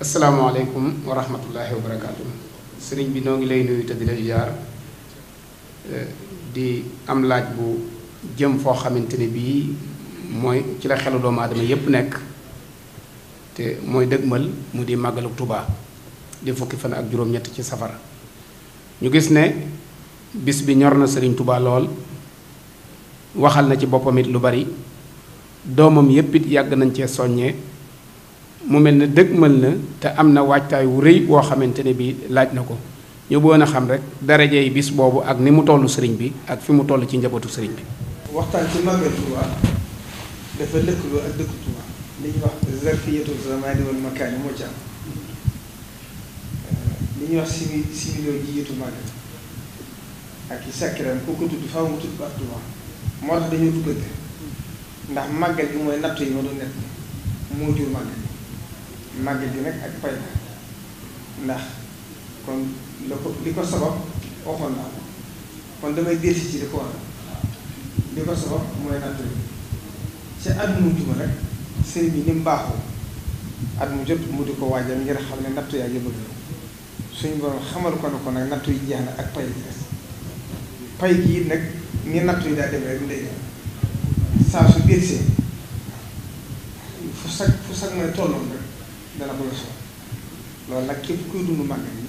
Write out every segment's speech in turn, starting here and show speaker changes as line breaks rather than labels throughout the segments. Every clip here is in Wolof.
asalaamaaleykum wa rahmatullahi wa barakaatu sëriñ bi noo ngi lay nuyu te di la ziar di am laaj bu jëm foo xamante ne bii mooy ci la xelu doomu aadama yépp nekk te mooy dëgmal mu di màggalu Tuubaa di fukki fan ak juróom-ñett ci safara ñu gis ne bis bi ñor na sëriñ tubaa lool waxal na ci boppam it lu bari doomam yépp it yàgg nañ cee soññee mu mel ne mën na te am na waajtaay wu rëy woo xamante ne bii laaj na ko ñu bëggoon a xam rek darajey bis boobu ak ni mu toll sëriñ bi ak fi mu toll ci njabootu sëriñ bi. waxtaan ci màggal Tuubaa dafa moo ci ñuy wax simi similojiyatu màggal ak i sakiraan ku ko tudd faaw mooy natt yi ma doon nekk moo jur màggal. màggal gi nag ak pay ndax kon la li ko sabab waxoon naa ko kon damay delsi ci li ko waral li ko sabab mooy natt bi ci at mu juma rek sëriñ bi ni mu baaxoo at mu jot mu di ko waajal ngir xam ne nattu yaa ngi bëgg suñu borom xamal ko ne ko nag nattu yi jeex na ak pay gi des pay gi it ni nattu yi daa demee rek ndey saa su delsi fu sag fu sag mooy tolloon rek dana ko weesu loolu nag képp kuy dund màggal yi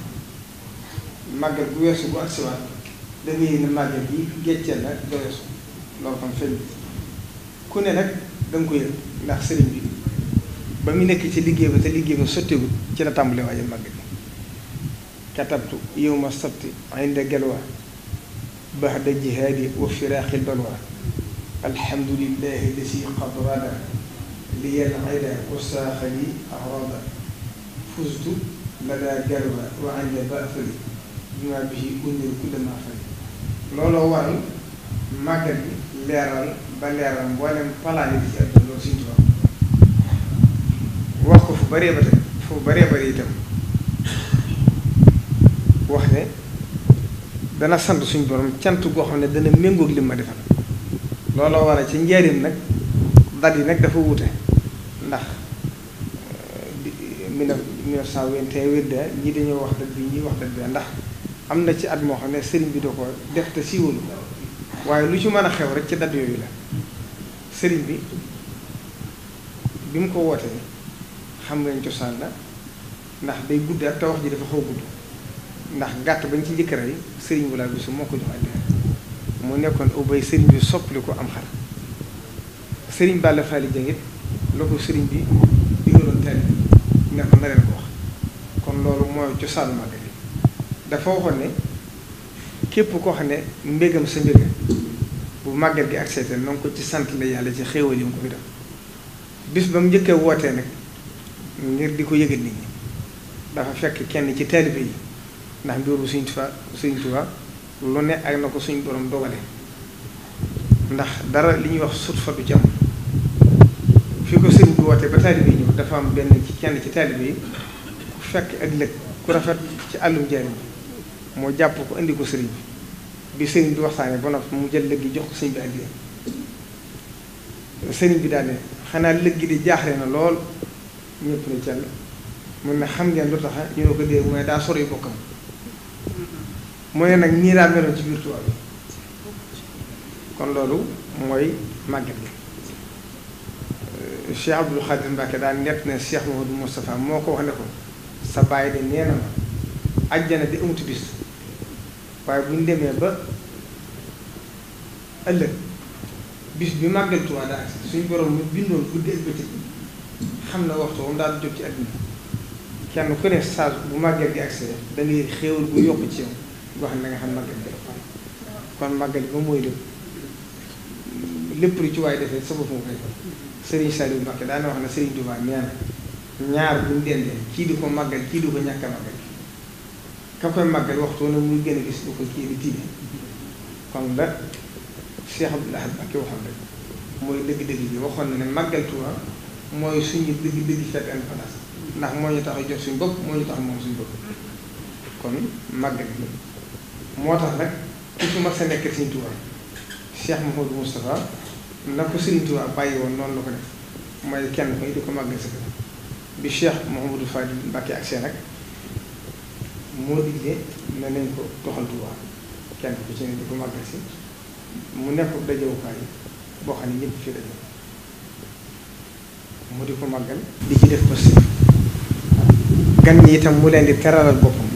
màggal bu weesu bu agsiwaat da ngay yéene màggal yi gécceel na da weesu loolu kon feeñ ku ne nag da nga ko yëg ndax sëriñ bi ba mu nekk ci liggéey ba te liggéey ba sotteegul ci la tàmbalee waaye màggal yi katabtu yowma sabti inda galwa baxda jihaadi wa firaaxi balwa لله الذي قدرنا لي العلا وساخ لي أعراضا فزت لدى جلوى وعند بأفلي بما به أنير كل ما أفلي looloo waral màggal bi leeral ba leeral mboolem palaane bi ci àdduna loolu suñu tubaab ba tey fu bëree bëri itam wax ne dana sant suñu borom cant goo ne dana méngoog lim ma ci njëriñ nag dal yi nag dafa wuute 1920 wirda dañoo wax dat bi wax dat bi ndax am na ci at moo xam ne sëriñ bi da ko def te waaye lu ci mën a xew rek ci dat yooyu sëriñ bi bi ko wootee xam ngeen cosaan la ndax day gudd ak te wax ji dafa xaw gudd ndax gàtt bañ ci njëkk rey sëriñ bu laa bisu moo ko jox àddina mu nekkoon ubay sëriñ bi soppali ko am xar sëriñ Balla Fally Dieng it ko sëriñ bi digaloon teel ne ko nareel ko loolu mooy cosaanu màggal gi dafa waxoon ne képp koo xam ne mbégam sa mbég bu màggal gi ak seetal na ko ci sant la yàlla ci xéewal yi mu ko fi def bis ba mu njëkkee wootee nag ngir di ko yëgal nit ñi dafa fekk kenn ci taalibe yi ndax mbiru Sëriñ Tuubaa Sëriñ Tuubaa lu ne ak na ko suñ borom dogale ndax dara li ñuy wax sut fa du ci am fi ko sëriñ bi wootee ba taalibe yi ñëw dafa am benn ci kenn ci taalibe yi fekk ak lëg ku rafet ci àllum jaay moo jàpp ko indi ko sëriñ bi bi sëriñ bi waxtaanee ba noppi mu jël lëg gi jox ko sëriñ bi àddiya sëriñ bi daal ne xanaa lëg gi di jaaxle na lool ñëpp ne cell mun ne xam ngeen lu tax ñu ne ko dee mu ne daa sori bokkam mu ne nag ñii daa meloon ci biir tubaab bi kon loolu mooy màgget gi Cheikh Abdoul Khadir Mbacke daal nett ne Cheikh Mouhamadou Moustapha moo ko wax ne ko sa bàyyi de nee na ma ajjana di amutu bis waaye bu ñu demee ba ëllëg bis bi màggal Tuubaa daa agsi suñu borom mu bindoon guddi ak bëccëg xam na waxtu moom daal di jot ci àdduna kenn ku ne bu màggal gi agsi da bu yokk ci yow boo xam ne nga xam màggal gi dafa kon màggal ba mooy lépp lépp lu ci waaye defee sa bopp nga koy def Serigne Saliou Mbacké daana wax na Serigne Touba nee na ñaar buñ dende kii di ko màggal kii di ko ñàkk a màggal ka koy màggal waxtu ne muy gën a gis du ko kii di tiime kon la Cheikh Abdoul Ahad Mbacké rek mooy dëgg-dëgg bi waxoon na ne màggal Tuuba mooy suñu dëgg-dëgg fête indépendance ndax moo ñu tax a jot suñu bopp moo ñu tax moom suñu bopp kon màggal bi moo tax rek ku ci mas a nekk Sëriñ Tuuba Cheikh Mouhamadou Moustapha na ko Sëriñ Tuuba bàyyi woon noonu la ko def mooy kenn koy di ko màggal sa kër bi Cheikh Mouhamadou Fadil Mbacké ak seen ak moo digle ne nañ ko doxal Tuubaa kenn ku ci ne di ko màggal si mu nekk dajewukaay boo xam ne ñëpp fi daje mu di ko màggal di ci def poste gan ñi itam mu leen di teralal boppam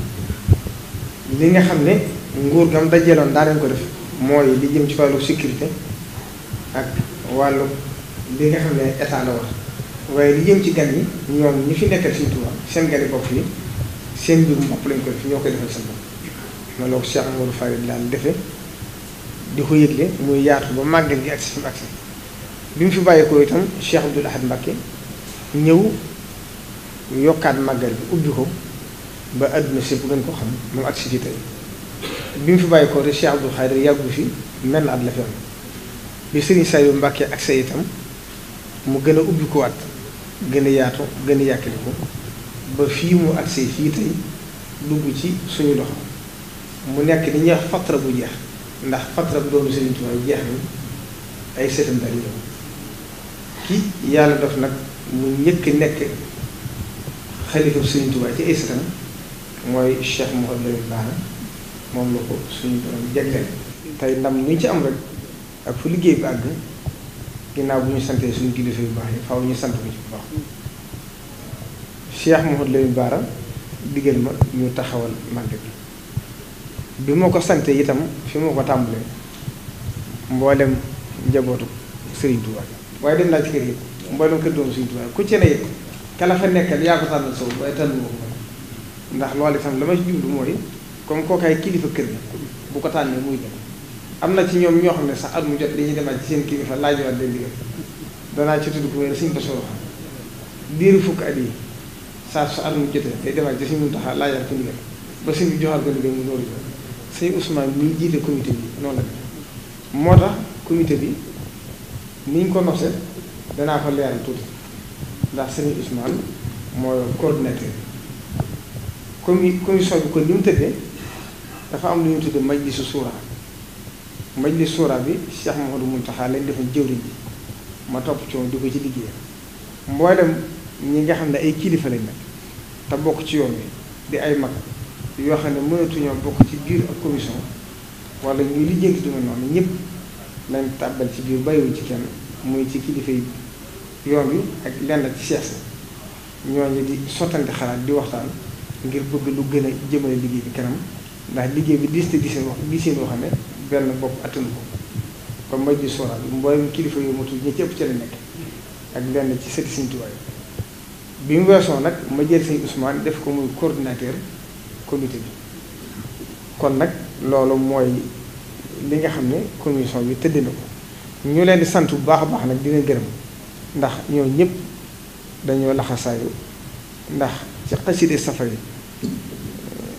li nga xam ne nguur gam dajeeloon daa leen ko def mooy li jëm ci wàllu sécurité ak wàllu li nga xam ne état la war waaye li jëm ci gan yi ñoom ñi fi nekkal Sëriñ Tuubaa seen gan yi bopp yi seen mbirum bopp lañ koy fi ñoo koy defal seen bopp noonu la ko Cheikh Amadou Farid daan defe di ko yëgle muy yaatu ba màggal gi ak si fi mu agsi bi mu fi bàyyeekoo itam Cheikh Abdoul Ahad Mbacké ñëw yokkaat màggal bi ubbi ko ba àdduna sépp gën ko xam mu agsi fi tey bi mu fi bàyyeekoo rek Cheikh Abdoul Khadir yàggu fi mel na at la fi am bi Serigne Saliou Mbacké ak sa itam mu gën a ubbi ko waat gën a yaatu gën a ba fii mu agsee fii tey dugg ci suñu loxo mu nekk li ñuy wax fatra bu jeex ndax fatra bu doomu Sëriñ Tuubaa jeex na ay seetam daal ñëw ki yàlla dof nag mu njëkk nekk xalifa Sëriñ Tuubaa ci ay seetam mooy Cheikh Mouhamadou Bara moom la ko suñu borom jagleel tey ndam lu ñu ci am rek ak fu liggéey bi àgg ginnaaw bu ñu santee suñu kilifa yu baax yi faaw ñu sant ko ci bu baax Cheikh Mouhamadou Lamine Bara digal ma ñu taxawal màgg bi bi ma ko santee itam fi ma ko tàmbalee mboolem njabootu Serigne Touba waaye dem naa ci kër yëpp mboolem kër doomu Serigne Touba ku ci ne yëpp kala fa nekkal yaa ko tànnal sow waaye tànnu ko ndax loolu itam la ma ci mooy comme kookaay kilifa kër gi bu ko tànnee muy dem am na ci ñoom ñoo xam ne sax at mu jot dañuy demaat ci seen kilifa laajawaat leen digal danaa ci tudd ku mel Sëriñ Bassirou diiru fukk at yi saa su at mu jotee day demaat ci Sëriñ Mountakha laajawaat ko ndigal ba sëñ bi joxaat ko ndigal mu door jox sëñ Ousmane mii jiite comité bi noonu la moo tax comité bi ni ñu ko danaa ko leeral tuuti ndax sëñ Ousmane mooy coordinateur commi commission bi ni mu tëddee dafa am lu ñu tuddee majlisu suuraa majlis suura bi Cheikh Mouhamadou Mountakha lañ defoon jëwriñ ji ma topp ci moom di ko ci liggéeyal mboolem ñi nga xam ne ay kilifa lañ nag te bokk ci yoon bi di ay mag yoo xam ne mënatuñoo bokk ci biir ak commission wala ñuy lijjanti du ma noonu ñëpp lañ tàbbal ci biir bàyyiwul ci kenn muy ci kilifa yi yoon bi ak lenn ci Cheikh si ñooñu di sottante xalaat di waxtaan ngir bëgg lu gën a jëmale liggéey bi kanam ndax liggéey bi diis te diis seen wax diis seen yoo xam ne. benn bopp attanu ko kon mooy ji sóoraal mboolem kilifa yu matul ñi ci ëpp ci la nekk ak lenn ci sëti Sëriñ Tuubaa bi mu weesoo nag ma jël sëñ usmaan def ko muy coordinateur comité bi kon nag loolu mooy li nga xam ne commission bi tëdd na ko ñu leen di sant bu baax a baax nag dina gërëm ndax ñoo ñëpp dañoo laxasaayu ndax ci xaside safari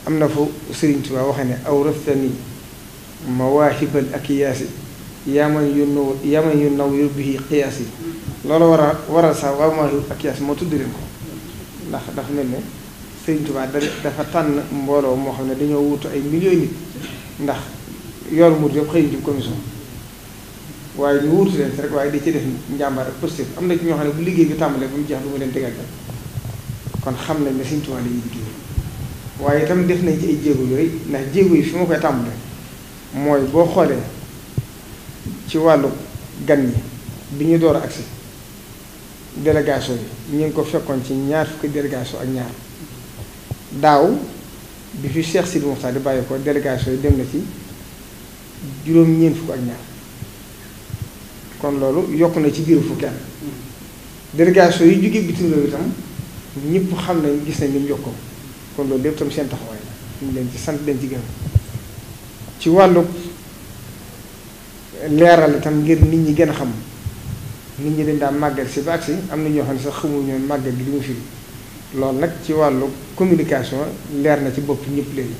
am na fu Sëriñ Tuubaa waxe ne aw rëftani mawaahibal ak yaasi yaa man yu naw yaa man yu naw yu bihi qiyaasi loolu war a waral sax ma mawaahibal ak yaasi moo tudd leen ko ndax dafa mel ne Sëriñ Tuubaa dafa tànn mbooloo moo xam ne dañoo wutu ay millions ndax yoon muur yëpp xëy jub commission waaye ñu leen si rek waaye di ci def njàmbaar ak positif am na ci ñoo xam ne bu liggéey bi tàmbalee bu mu jeex du ma leen tegal kon xam nañ ne Sëriñ Tuubaa la ñuy liggéey def nañ ci ay jéego yooyu ndax jéego yi fi ma koy tàmbalee mooy boo xoolee ci wàllu gan yi bi ñu door a agsi délégation yi ñu ngi ko fekkoon ci ñaar fukki délégation ak ñaar daaw bi fi Cheikh si Moukhtar di bàyyi ko délégation yi dem na ci juróom-ñeent fukk ak ñaar kon loolu yokk na ci biiru fukki at délégation yi jóge bitim réew itam ñëpp xam nañ gis nañ ni mu yokkoo kon loolu lépp tam seen taxawaay la ñu leen ci sant leen ci gërëm ci wàllu leeral itam ngir nit ñi gën a xam nit ñi dañ daan màggal si ba agsi am na ñoo xam ne sax xamuñu màggal gi li mu firi loolu nag ci wàllu communication leer na ci bopp ñëpp léegi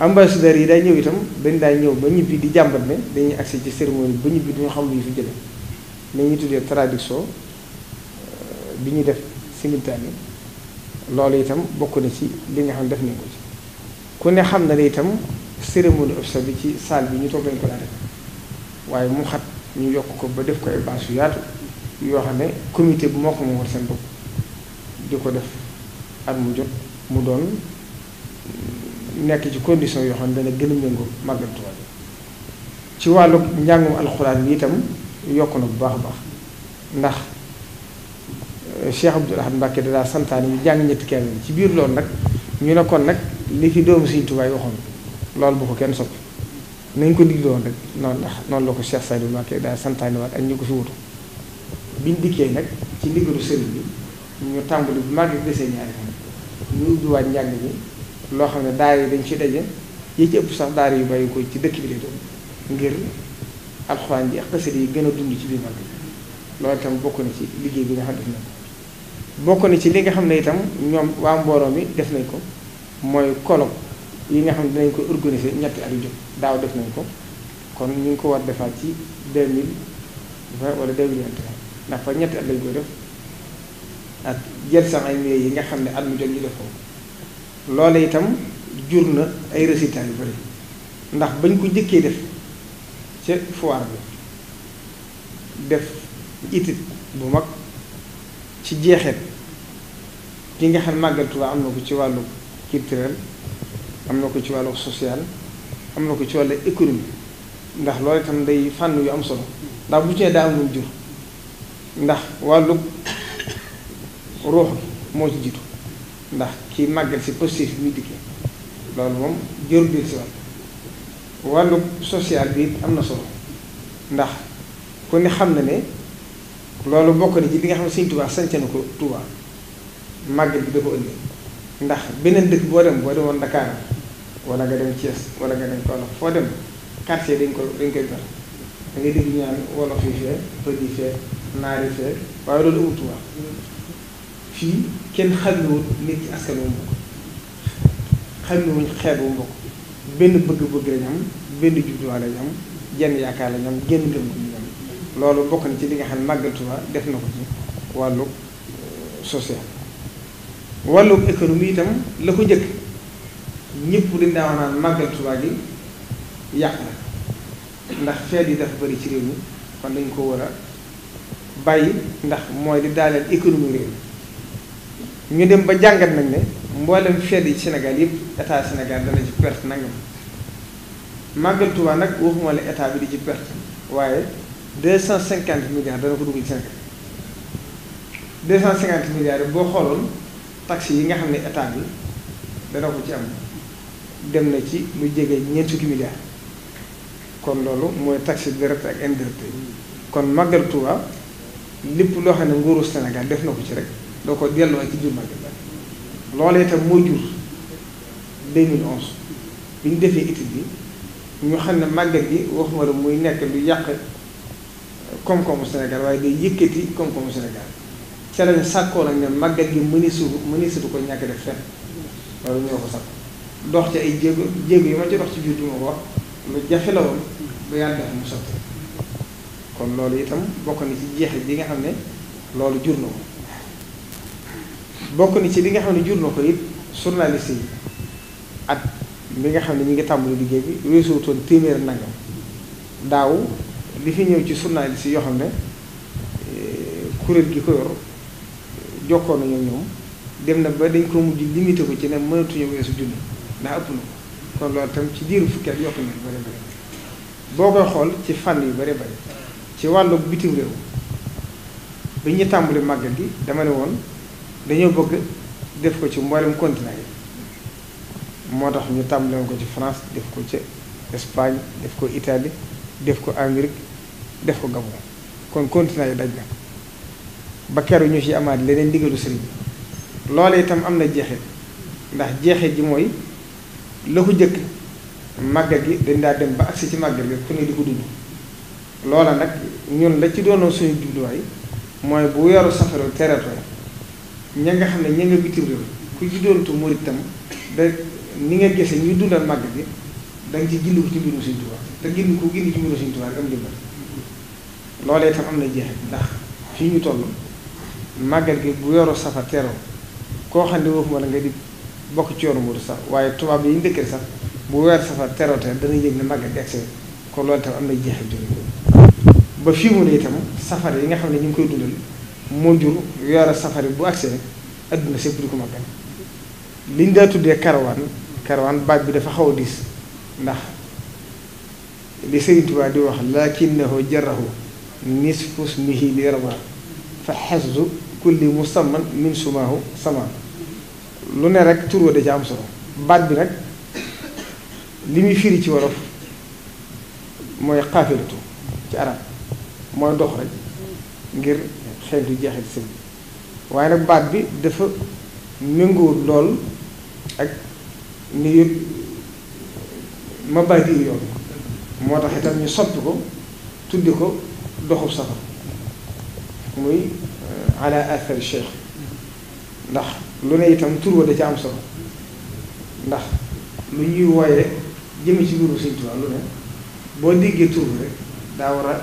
ambassadeurs yi day ñëw itam dañ daay ñëw ba ñibbi di jàmbat ne dañuy agsi ci cérémonie ba ñibbi duñu xam lu ñu fi jële ni ñuy tuddee traduction euh, bi ñuy def simultané loolu itam bokk na ci li nga xam ne def nañ ko ci ku ne xam na ne itam cérémonie officielle bi ci salle bi ñu toog lañ ko daan waaye mu xat ñu yokk ko ba def ko ay bâche yaatu yoo xam ne comité bu moo ko moom war seen bopp di ko def at mu jot mu doon nekk ci condition yoo xam ne dana gën a méngoo màggal Tuubaa wàllu njàngum alxuraan bi itam na bu baax a baax ndax euh, Cheikh Abdoul Ahad Mbacké da daa santaane ñu jàng ñetti kenn ci biir loolu nag ñu ne kon nag li fi doomu Sëriñ Tuubaa waxoon loolu bu ko kenn soppi nañ ko digle woon rek noon la noonu la ko Cheikh Sadio Mbacké daal santaane waat ak ñu ko fi wutu biñ dikkee nag ci ndigalu sëriñ bi ñu tàmbali bu màgg desee ñaari fan ñu ubbiwaat njàng mi loo xam ne daara yi dañ ci daje yi ci ëpp sax daara yu bàyyi ko ci dëkk bi lay doon ngir alxuraan ji ak xasida yi gën a dund ci biir màgg loolu itam bokk na ci liggéey bi nga xam def na bokk na ci li nga xam ne itam ñoom waa mbooloo mi def nañ ko mooy colloque yi nga xam ne dañ ko organiser ñetti at yu jot daaw def nañ ko kon ñu ngi ko war defaat ci 2020 wala 2021 ndax fa ñetti at lañ koy def ak jël sama ay milliers yi nga xam ne at mu jot ñu def ko loole itam jur na ay résitat yu bari ndax bañ ko jëkkee def ca foire bi def itit bu mag ci jeexeet ki nga xam màggal Tuubaa am na ko ci wàllu culturel am na ko ci wàllu social am na ko ci wàllu économie ndax loolu itam day fànn yu am solo ndax bu ci ne daa am ndax wàllu ruux moo ci jiitu ndax ki màggal si positif bi muy loolu moom jëru biir si social bi am na solo ndax ku ne xam na ne loolu bokk na ci bi nga xam ne Sëñ Tuubaa sance na ko Tuubaa màggal bi da ko indi ndax beneen dëkk boo dem boo demoon Dakar wala nga dem Thiès wala nga dem Kaolack foo dem quartier dañ ko dañ koy ber da ngay dégg ñaan wolof yi fee pël yi fee naar yi fee waaye loolu amul Tuubaa fii kenn xamewul nit ci askan wu mbokk xamewuñ xeet wu mbokk benn bëgg-bëgg lañ am benn jubluwaay lañ am jenn yaakaar lañ am genn ngëm ko ñu am loolu bokk na ci li nga xam ne màggal Tuubaa def na ko ci wàllu social wàllu économie itam la ko njëkk ñëpp dañ daa wax naan màggal Tuubaa gi yàq na ndax feet yi dafa bëri ci réew mi kon dañ ko war a bàyyi ndax mooy di daaleel économie réew ñu dem ba jàngat nañ ne mboolem feet yi Sénégal yëpp état Sénégal dana ci perte nangam màggal Tuubaa nag waxuma la état bi di ci perte waaye deux cent cinquante milliards dana ko dugg ci Sénégal deux cent cinquante milliards yi boo xooloon taxes yi nga xam ne état bi dana ko ci am dem na ci lu jege ñeent fukki milliards kon loolu mooy taxe direct ak indirect kon màggal Tuuba lépp loo xam ne nguuru Sénégal def na ko ci rek doo ko delloo ci biir màggal la itam moo jur 2011 bi ñu defee étude bi ñu xam ne màggal gi waxuma la muy nekk lu yàq koom-koomu Sénégal waaye day yëkkati koom-koomu Sénégal ca lañu sàkkoo nag ne màggal gi mëni mëneesu mëneesatu ko ñàkk def fenn loolu ñoo ko sàkk dox ci ay jéeg jéeg yi ma ci dox ci biir du ma ko wax lu jafe la woon ba yàlla def mu sotti kon loolu itam bokk na ci jeexit bi nga xam ne loolu jur na ko bokk na ci li nga xam ne jur na ko it journaliste yi at mi nga xam ne ñu ngi tàmbali liggéey bi weesuwutoon téeméer nangam daaw li fi ñëw ci journaliste yoo xam ne eh, kuréel gi ko yor eh, jokkoon nañu ñoom dem na ba dañ ko mujj limité ko ci ne mënatuñu weesu junni ndax ëpp na kon loolu tam ci diiru fukki at yokk nañu bëri bëri boo koy xool ci fànn yu bëri bëri ci wàllu bitim réew bi ñu tàmbali màggal gi dama ne woon dañoo bëgg def ko ci mboolem continent yi moo tax ñu tàmbali ko ci France def ko ci Espagne def ko Italie def ko Amérique def ko Gabon kon continent yi daj na ba keroog ñu ci amaat leneen ndigalu sëriñ bi itam am na jeexit ndax jeexit ji mooy. la ko jëkk màggal gi dañ daa dem ba agsi ci màggal gi ku ne di ko dund loola nag ñun la ci doonoon suñu jubluwaay mooy bu weeru safaru tereetoo ña nga xam ne ñu nga ku ci doontu murit tam da ni nga gise ñuy dundal màggal gi da nga ci gindi ko ci mbirum Sëriñ Tuubaa te gindi ko gindi ci mbirum am dimbal loolee ndax fii ñu toll màggal gi bu yoru safar teeroo koo xam ne waxuma la nga di bokk ci yoonu Mourou sax waaye tubaab yi ñu dëkkee sax bu weer safar teroote dana yëg ne màggal gi agsi kon loolu tam am na jeexal jur ba fii mu ne itam safar yi nga xam ne ñu ngi koy dundal moo jur weeru safar yi bu agsi rek adduna sépp di ko màggal liñ daa tuddee karawaan karawaan baat bi dafa xaw a diis ndax li Sëriñ Tuubaa di wax lakinnahu jarahu nisfu ismihi li yarba fa xasdu kulli musamman min sumaahu samaan lu ne rek tur wa ca am solo baat bi nag li muy firi ci wolof mooy xaafilatu ci arab mooy dox rek ngir xeetu jeexit sëñ waaye nag baat bi dafa méngoo lool ak ni yëpp ma baat yi yoon moo tax itam ñu soppi ko tuddi ko doxub safar muy euh, ala athar cheikh ndax lu ne itam tur wa da ca am solo ndax lu ñuy wooyee jëme ci nuru Sëñ lu ne boo déggee tur rek daa war a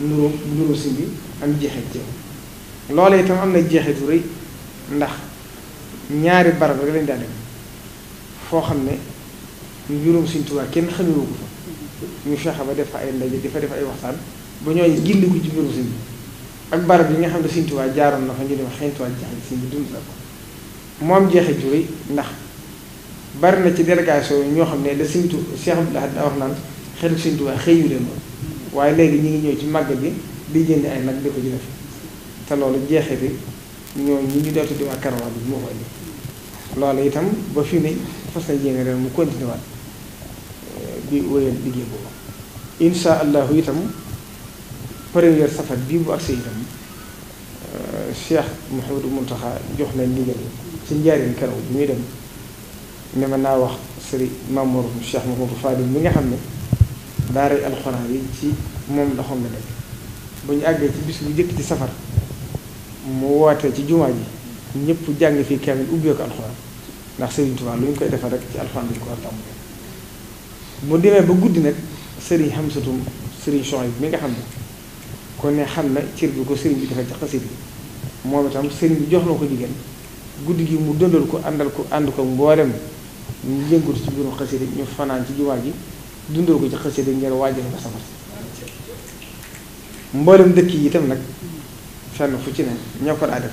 nuru nuru si bi am jeexee ci loolee itam am na jeexitu rëy ndax ñaari barab rek leen daa foo xam ne njurum Sëñ Tuubaa kenn xamewu ko fa ñu fexe ba def fa ay ndaje di fa def ay waxtaan ba ñooy gindi ko ci mbirum Sëñ bi ak barab yi nga xam ne Sëñ Tuubaa jaaroon na fa ñu dem xeeñtuwaat jeexit Sëñ bi dund la ko moom jeexit ju ndax bari na ci délégation ñoo xam ne la Sëriñ Tuubaa Cheikh Abdoul Ahad daa wax naan xelu Sëriñ Tuubaa xëyu leen waaye léegi ñu ngi ñëw ci màggal bi di jënd ay nag di ko ci def te loolu jeexit yi ñoo ñu ñu dootu di waa karawaa bi moo ko indi itam ba fii ne fas mu continué waat eh, di liggéey boobu insha allahu itam première safar bii bu agsee itam eh, Cheikh Mouhamadou Mountakha jox na ndigal ci njaarim keroog bu muy dem ne naa wax sëriñ Mamour Cheikh Mamadou Fadil mi nga xam ne daara alxuraan yi ci moom loxoom la nekk bu ñu àggee ci bis bu njëkk ci safar mu woote ci jumaa ji ñëpp jàng fii kaamil ubbee ko alxuraan ndax sëriñ Tuubaa lu ñu koy defar rek ci alxuraan lañu ko war a tàmm mu demee ba guddi nag sëriñ Hamsatum sëriñ Chouaib bi mi nga xam ne kon ne xam na cër bi ko sëriñ bi dafa ci xasida moom itam sëriñ bi jox na ko jigéen guddi gi mu dundal ko àndal ko ànd ko mboolem ñu yëngatu ci biirum xasida ñu fanaan ci jumaa ji dundal ko ci xasida ngir waajal ko safar mboolem dëkk yi itam nag fenn fu ci ne ñoo ko daa def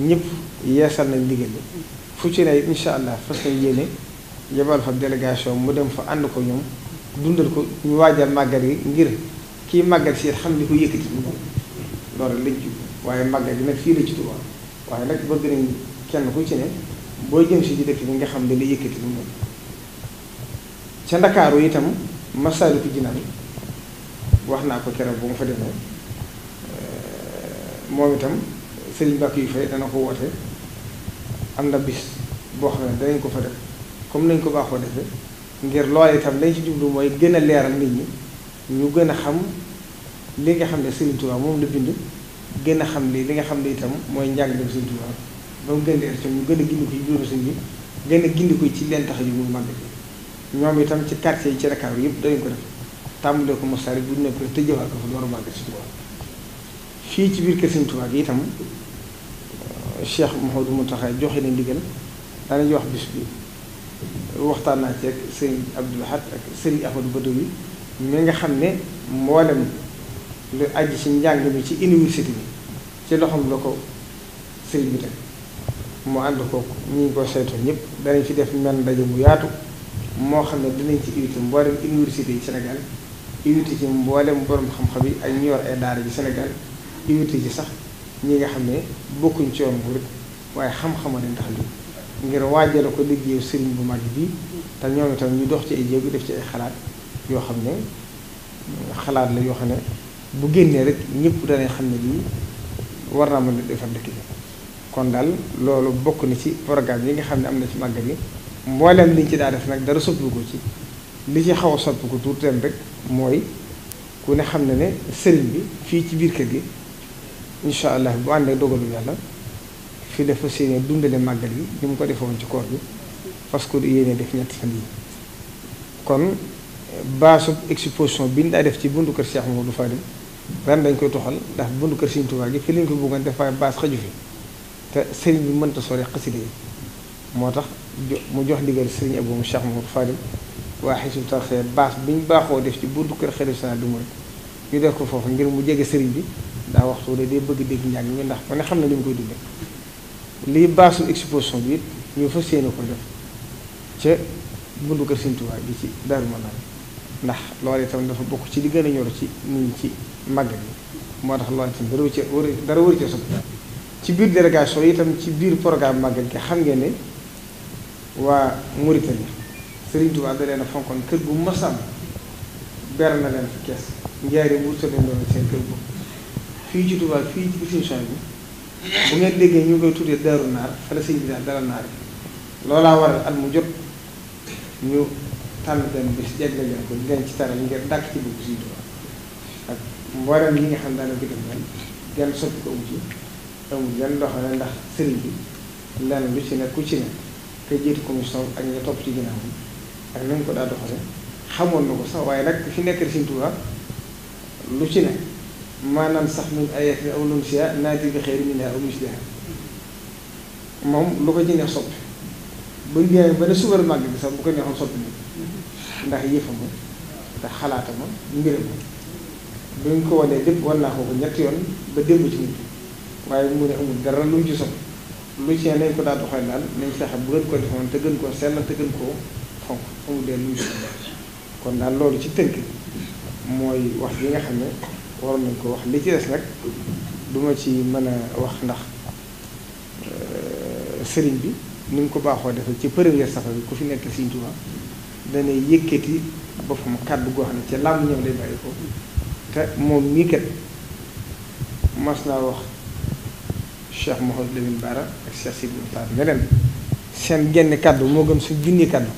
ñëpp yeesal nañ ndigal li fu ci ne incha allah fas nañ yéene yebal fa délégation mu dem fa ànd ko ñoom dundal ko ñu waajal màggal yi ngir kii màggal si xam li ko yëkkati loolu lañ ci waaye màggal gi nag fii la ci Tuubaa waaye nag bëgg nañ kenn ku ci ne boo jëm si ci dëkk bi nga xam ne li yëkkati lu moom ca ndakaaru itam Masaalikul Jinaan wax naa ko keroog bu ma fa demee eh, moom itam Serigne Bakk yu fay dana ko woote am na bis boo xam ne danañ ko fa def comme nañ ko baaxoo defee ngir loole itam lañ ci jublu mooy gën a leeral nit ñi ñu gën a xam li nga xam ne Serigne Touba moom la bind gën xam li li nga xam ne itam mooy njàng ba mu gën ñu gën a gindi ko ci biir sëñ bi gën a gindi ko ci leen tax bi ñoom itam ci quartier yi ci Dakar yëpp dañu ko def tàmbalee ko Moussa bu ñu ko tëjëwaat ko fa door a màgg si Tuubaa fii ci biir kër sëñ Tuubaa gi itam euh, Cheikh Mouhamadou joxe na ndigal daanañu wax bis bi waxtaan naa ci ak sëriñ Abdoul Ahad ak sëriñ Ahmadou Badawi mi nga xam ne mboolem lu aju ci njàng mi ci université bi ci loxoom la ko sëriñ bi teg moo ànd ko ñu ngi koy saytoo ñëpp danañ fi def mel ndaje mu yaatu moo xam ne dinañ ci invité mboolem université yi Sénégal invité ci mboolem borom xam-xam yi ak ñu yor ay daara ji senegal invité ci sax ñi nga xam ne bokkuñ ci yoon bu rek waaye xam-xama leen tax li ngir la ko liggéeyu sëriñ bu mag bi te ñoom tam ñu dox ci ay jéego def ci ay xalaat yoo xam ne xalaat la yoo xam ne bu génnee rek ñëpp danañ xam ne lii war naa mën a defar dëkk bi kon daal loolu bokk na ci programme yi nga xam ne am na ci màggal yi mbooleem liñ ci daa def nag dara soppiku ci li ci xaw a soppiku tuuti rek mooy ku ne xam ne ne sëriñ bi fii ci biir kër gi incha allah bu àndee dogalu yàlla fi la fas yéene dundale màggal yi ni mu ko defewoon ci koor bi parce que du def ñetti fan yi kon baasu exposition bi ñu daa def ci bundu kër Cheikh Mamadou Fadil ren dañ koy toxal ndax bundu kër Serigne Touba gi fi lañ ko bëggoon def waaye baas xaju fi سرين من تصوري قصيدة مرح مجهد لقال سرين أبو مشاق مرفالم واحد سبتار خير باس بين باخو ديش دي بوردو كر خير سنة دومر يدر كفوف نجر مجهد سرين دي دا وقت ولي دي بغي دي جنجان من دح فانا خمنا لم قيدو دي لي باسو اكسبوسون بيت يوفسينو كل دف چه بوردو كر سنتو واي دي چه دار مانان نح لوالي تم دفع بوكو چه دي گاني نيورو چه نين چه مغل مرح دروي دروي چه ci biir délégation itam ci biir programme màggal gi xam ngeen ni waa Mauritanie Serigne Touba da leen a fonkoon kër gu masam ber na leen fi kees njaari wurta leen doon seen kër boobu fii ci Touba fii ci distinction bi bu ngeen déggee ñu koy tuddee Daaru Naar fala sëñ bi daal dara naar bi loolaa waral at mu jot ñu tànn benn bis jagle leen ko di leen ci taral ngir dàkk ci bëgg Sëñ Touba ak mboolem ñi nga xam daana ko dem ren genn soppi amul benn doxale ndax sëriñ bi lenn lu ci ne ku ci ne te jiitu commission ak ñu topp ci ginnaaw bi ak nañ ko daa doxale xamoon na ko sax waaye nag fi nekk Sëriñ Tuubaa lu ci ne maanaam sax min ayatin aw nunsiha naati bi xayrin minha aw misliha moom lu ko ci ne soppi ba ñëwee ba ne subar màgg bi sax bu ko neexoon soppi nii ndax yëfama ndax xalaatama mbiram ba ñu ko wanee lépp war naa ko ko ñetti yoon ba démb ci nit waaye mu ne amul dara lu mu ci sopp lu ci nañ ko daa doxal daal nañ fexe bu gën ko defoon te gën koo sell te gën koo fonk amul kon daal loolu ci tënk mooy wax bi nga xam ne nañ ko wax li des nag duma ci mën a wax ndax euh, sëriñ bi ni mu ko baaxoo defee ci première safa bi ku fi nekk Sëriñ Tuubaa danay yëkkati ba fa kàddu goo xam ne ca làmb ñoom lay te moom mii kat mas naa wax Cheikh Mouhamed Lamine Bara ak Cheikh Sidi Mokhtar ne leen seen genn kàddu moo gën su junni kàddu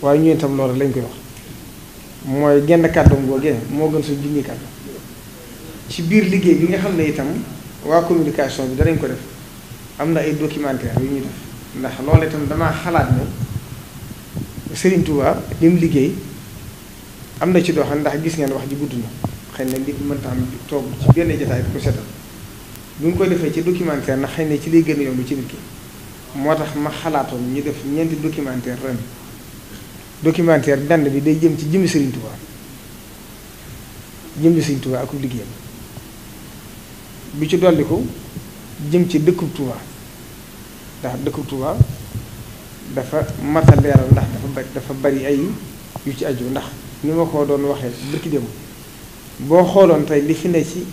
waaye ñu itam loolu lañ koy wax mooy genn kàddu googee moo gën su junni kàddu ci biir liggéey bi nga xam ne itam waa communication bi danañ ko def am na ay documentaire yu ñuy def ndax loolu itam damaa xalaat ne Serigne Touba li mu liggéey am na ci doo xam ndax gis ngeen wax ji gudd na xëy na nit mënta am toog ci benn jotaay ko setal bu ñu ko defee ci documentaire na xëy na ci lay gën a yomb ci nit moo tax ma xalaatoon ñu def ñeenti documentaire ren documentaire benn bi day jëm ci jëmmi Serigne Touba jëmmi Serigne Touba ak ci dolli jëm ci dëkkub Touba ndax dëkkub Touba dafa mata leeral ndax dafa bari dafa ay yu ci aju ndax ni ma ko doon waxee bërki démb boo xooloon tey li fi ne ci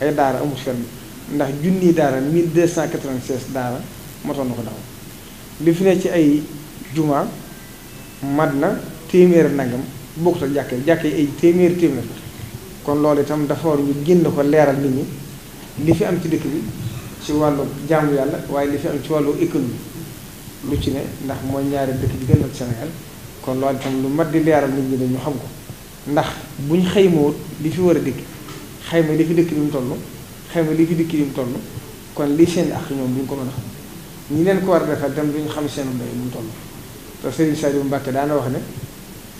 ay daara amul fenn ndax junni daara 1296 daara motoon na ko daaw li fi ne ci ay jumaa mat na téeméer nagam bokkut ak jàkk jàkk ay téeméer téeméer kon loolu itam dafa war ñu génn ko leeral nit ñi li fi am ci dëkk bi ci wàllu jaamu yàlla waaye li fi am ci wàllu économie lu ci ne ndax mooy ñaari dëkk bi gën a kon lool itam lu mat di leeral nit ñi dañu xam ko ndax buñ xëy ma li fi war a dëkk xëy ma li fi dëkk bi mu toll. xëy na li fi dikki ñu toll kon lii seen ak ñoom duñ ko mën a xam ñi leen ko war a defal dem duñ xam seen mbay mu toll te Serigne Saliou Mbacke daana wax ne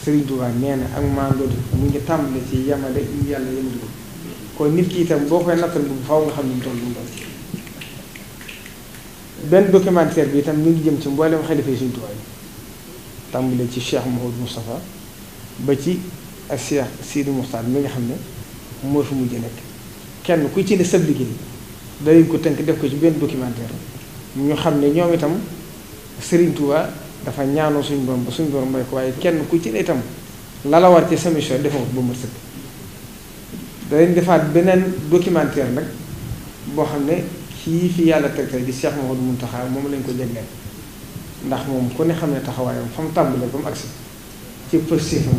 sëriñ Touba nee na ak maandooti mu ngi tàmbale ci yamale ñu yàlla ko kon nit ki itam boo koy nattal bu faaw nga xam ni mu toll mu toll benn documentaire ngi jëm ci mboolem xalifa yi Serigne Touba yi tàmbale ci Cheikh Mouhamadou Moustapha ba ci ak Cheikh Sidi mi nga xam ne moo fi mujj nekk kenn ku ci ne sëb liggéey danañ ko tënk def ko ci benn documentaire ñu xam ne ñoom itam Serigne Touba dafa ñaanoo suñ borom ba suñu borom may ko waaye kenn ku ci ne itam la ci sa mission defoo ba mu sëkk danañ defaat beneen documentaire nag boo xam ne kii fi yàlla teg tey di Cheikh Mouhamadou Mountakha moom lañ ko jagleel ndax moom ko ne xam ne taxawaayam fa mu tàmbalee ba mu agsi ci pëstéefam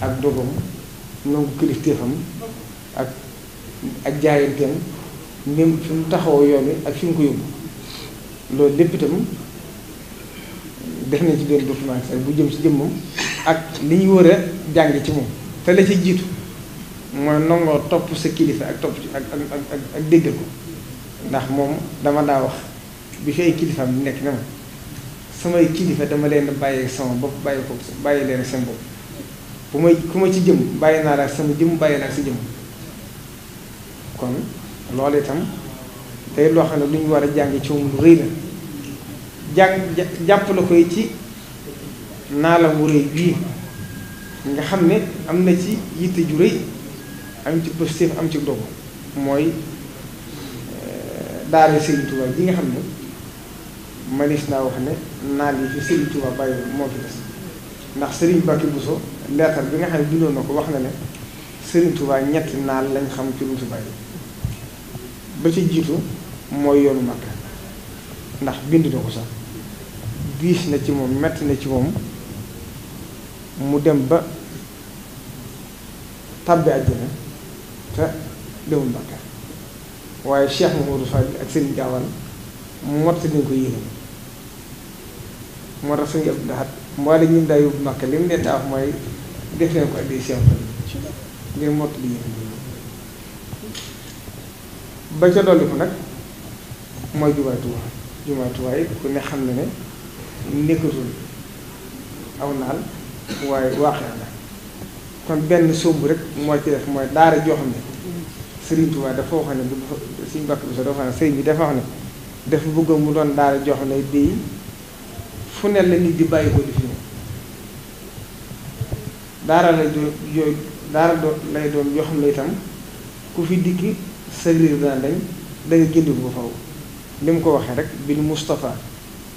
ak dogam nangu kilifteefam ak ak jaayanteem même fi mu taxawoo yoon wi ak fi mu ko yóbbu loolu lépp itam def nañ ci benn document bu jëm ci jëmmam ak li ñu war jàng ci moom te la ci jiitu mooy nangoo topp sa kilifa ak topp ci ak ak ak ko ndax moom dama daa wax bi fi ay kilifaam nekk na ma samay kilifa dama leen bàyyi sama bopp bàyyi ko bàyyi leen seen bopp bu may ku ma ci jëm bàyyi naa la sama jëm bàyyi naa sa jëm. kon loolu itam day loo ne lu ñu war a jàng ci moom lu rëy la jàng jàpp la koy ci naala wu rëy bii nga xam ne am na ci yitte ju rëy am ci positif am ci dogu mooy eh, daara Serigne Touba ji nga xam ne manis naa wax ne naal yi fi Serigne Touba bàyyi moo fi des ndax Serigne Bakki Bousso leetar bi nga xam ne bindoon na ko wax na ne sëriñ Touba ñetti naal lañ xam ci lu mu fi bàyyi ba ci jiitu mooy yoonu Makka ndax bind na ko sax diis na ci moom metti na ci moom mu dem ba tàbbi àjjana te demul Makka waaye Cheikh Mamadou Fadil ak Serigne Gaawaan motta nañ ko yéene moo tax suñu yëpp daxat mboole ñu daa yóbbu Makka li mu leen daa wax mooy def leen ko addi Cheikh Fadil ngir mott li yéene ba ca dolli ko nag mooy jumaa Tuubaa jumaa Tuubaa yi ku ne xam na ne nekkatul aw naal waaye waaxee la kon benn sóobu rek moo ci def mooy daara joo xam ne Sëriñ Tuubaa dafa wax ne suñu mbokk bi sax dafa wax ne sëriñ bi dafa wax ne dafa bëgg mu doon daara joo xam ne day fu ne la nit di bàyyi ko di fi ñëw daara lay doon yooyu daara doon lay doon yoo xam ne itam ku fi dikki sa réer dana dañ bu faw li mu ko waxee rek bil Mustafa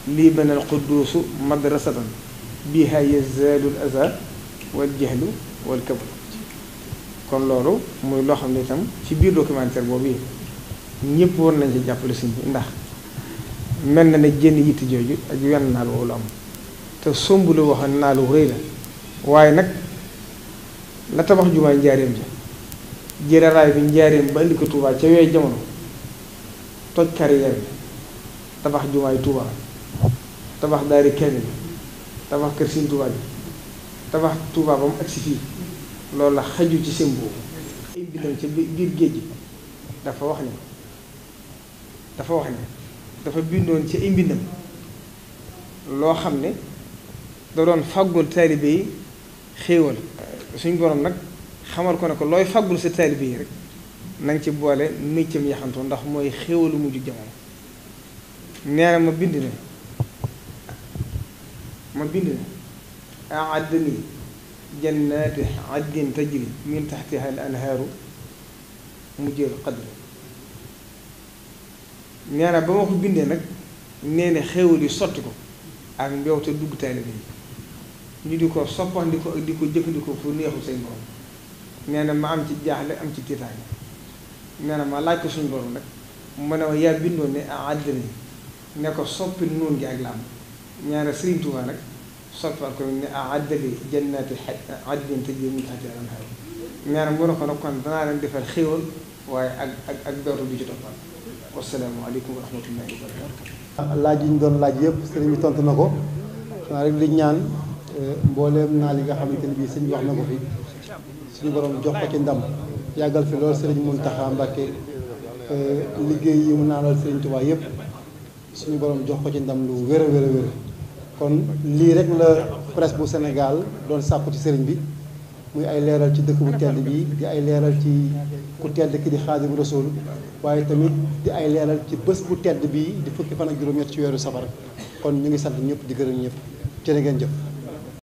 lii beneen qudduusu madrasatan biha yazaalu al azaa wal jahlu wal kabru kon loolu muy loo xam ne itam ci biir documentaire boobu yi ñëpp war nañ ci jàppale suñ bi ndax mel na ne jénn yitt jooju ak wenn naal woowu am te somb lu wax naalu rëy la waaye nag la tabax jumaa njaareem ja jëre bi njaareem ba indi ko Touba ca yooyu jamono toj carrière bi tabax jumaay Touba tabax daari kenn bi tabax kër Sëriñ Touba bi tabax Touba ba mu agsi fii loolu la xaju ci seen boobu ay bindam ca biir géej gi dafa wax ne dafa wax ne dafa bindoon ci ay loo xam ne da doon fàggul taalibe yi xéewal suñ borom nag xamal ko ne ko looy faggul sa taalibe yi rek na nga ci boole méccam yaxantu ndax mooy xéwalu mujj jamono nee na ma bind ne ma bind ne ahaddani jannati addin tajri min taxtiha al anhaaru mujjal qadri nee na ba ma ko bindee nag nee na xéwal yi sotti ko ak mbewte dugg taalibe yi ñu di ko soppandiko ak di ko jëfandikoo fu neexu say borom nee na ma am ci jaaxle am ci tiitaange nee na ma laaj ko suñu borom nag mu ne ma yaa bindoon ne àddina ne ko soppi nuun gi ak laam ñaare Sëriñ Tuuba nag soppal ko ne àddali jannati xaj àddin tajri min tahtiha al-anhaar nee na mu ne ko nag kon danaa leen defal xéewal waaye ak ak ak dootu bi ci toppal wasalaamaaleykum wa rahmatullahi wa barakatuh laaj yi ñu doon laaj yëpp sëriñ bi tontu na ko xanaa rek di ñaan eh, mbooleem naa li nga xamante ni bii sëñ wax na ko
fi suñu borom jox ko ci ndam yàggal fi loolu sëriñ taxa Mbacké
euh, liggéey yi mu naanal sëriñ Touba yëpp suñu borom jox ko ci ndam lu wér a kon lii rek la presse bu Sénégal doon sàkku ci sëriñ bi muy ay leeral ci dëkk bu tedd bi di ay leeral ci ku tedd ki di Xaadimu Rasuul waaye tamit di ay leeral ci bés bu tedd bi di fukki fan ak juróom-ñett ci weeru safar kon ñu ngi sant ñëpp di gërëm ñëpp jërë ngeen jëf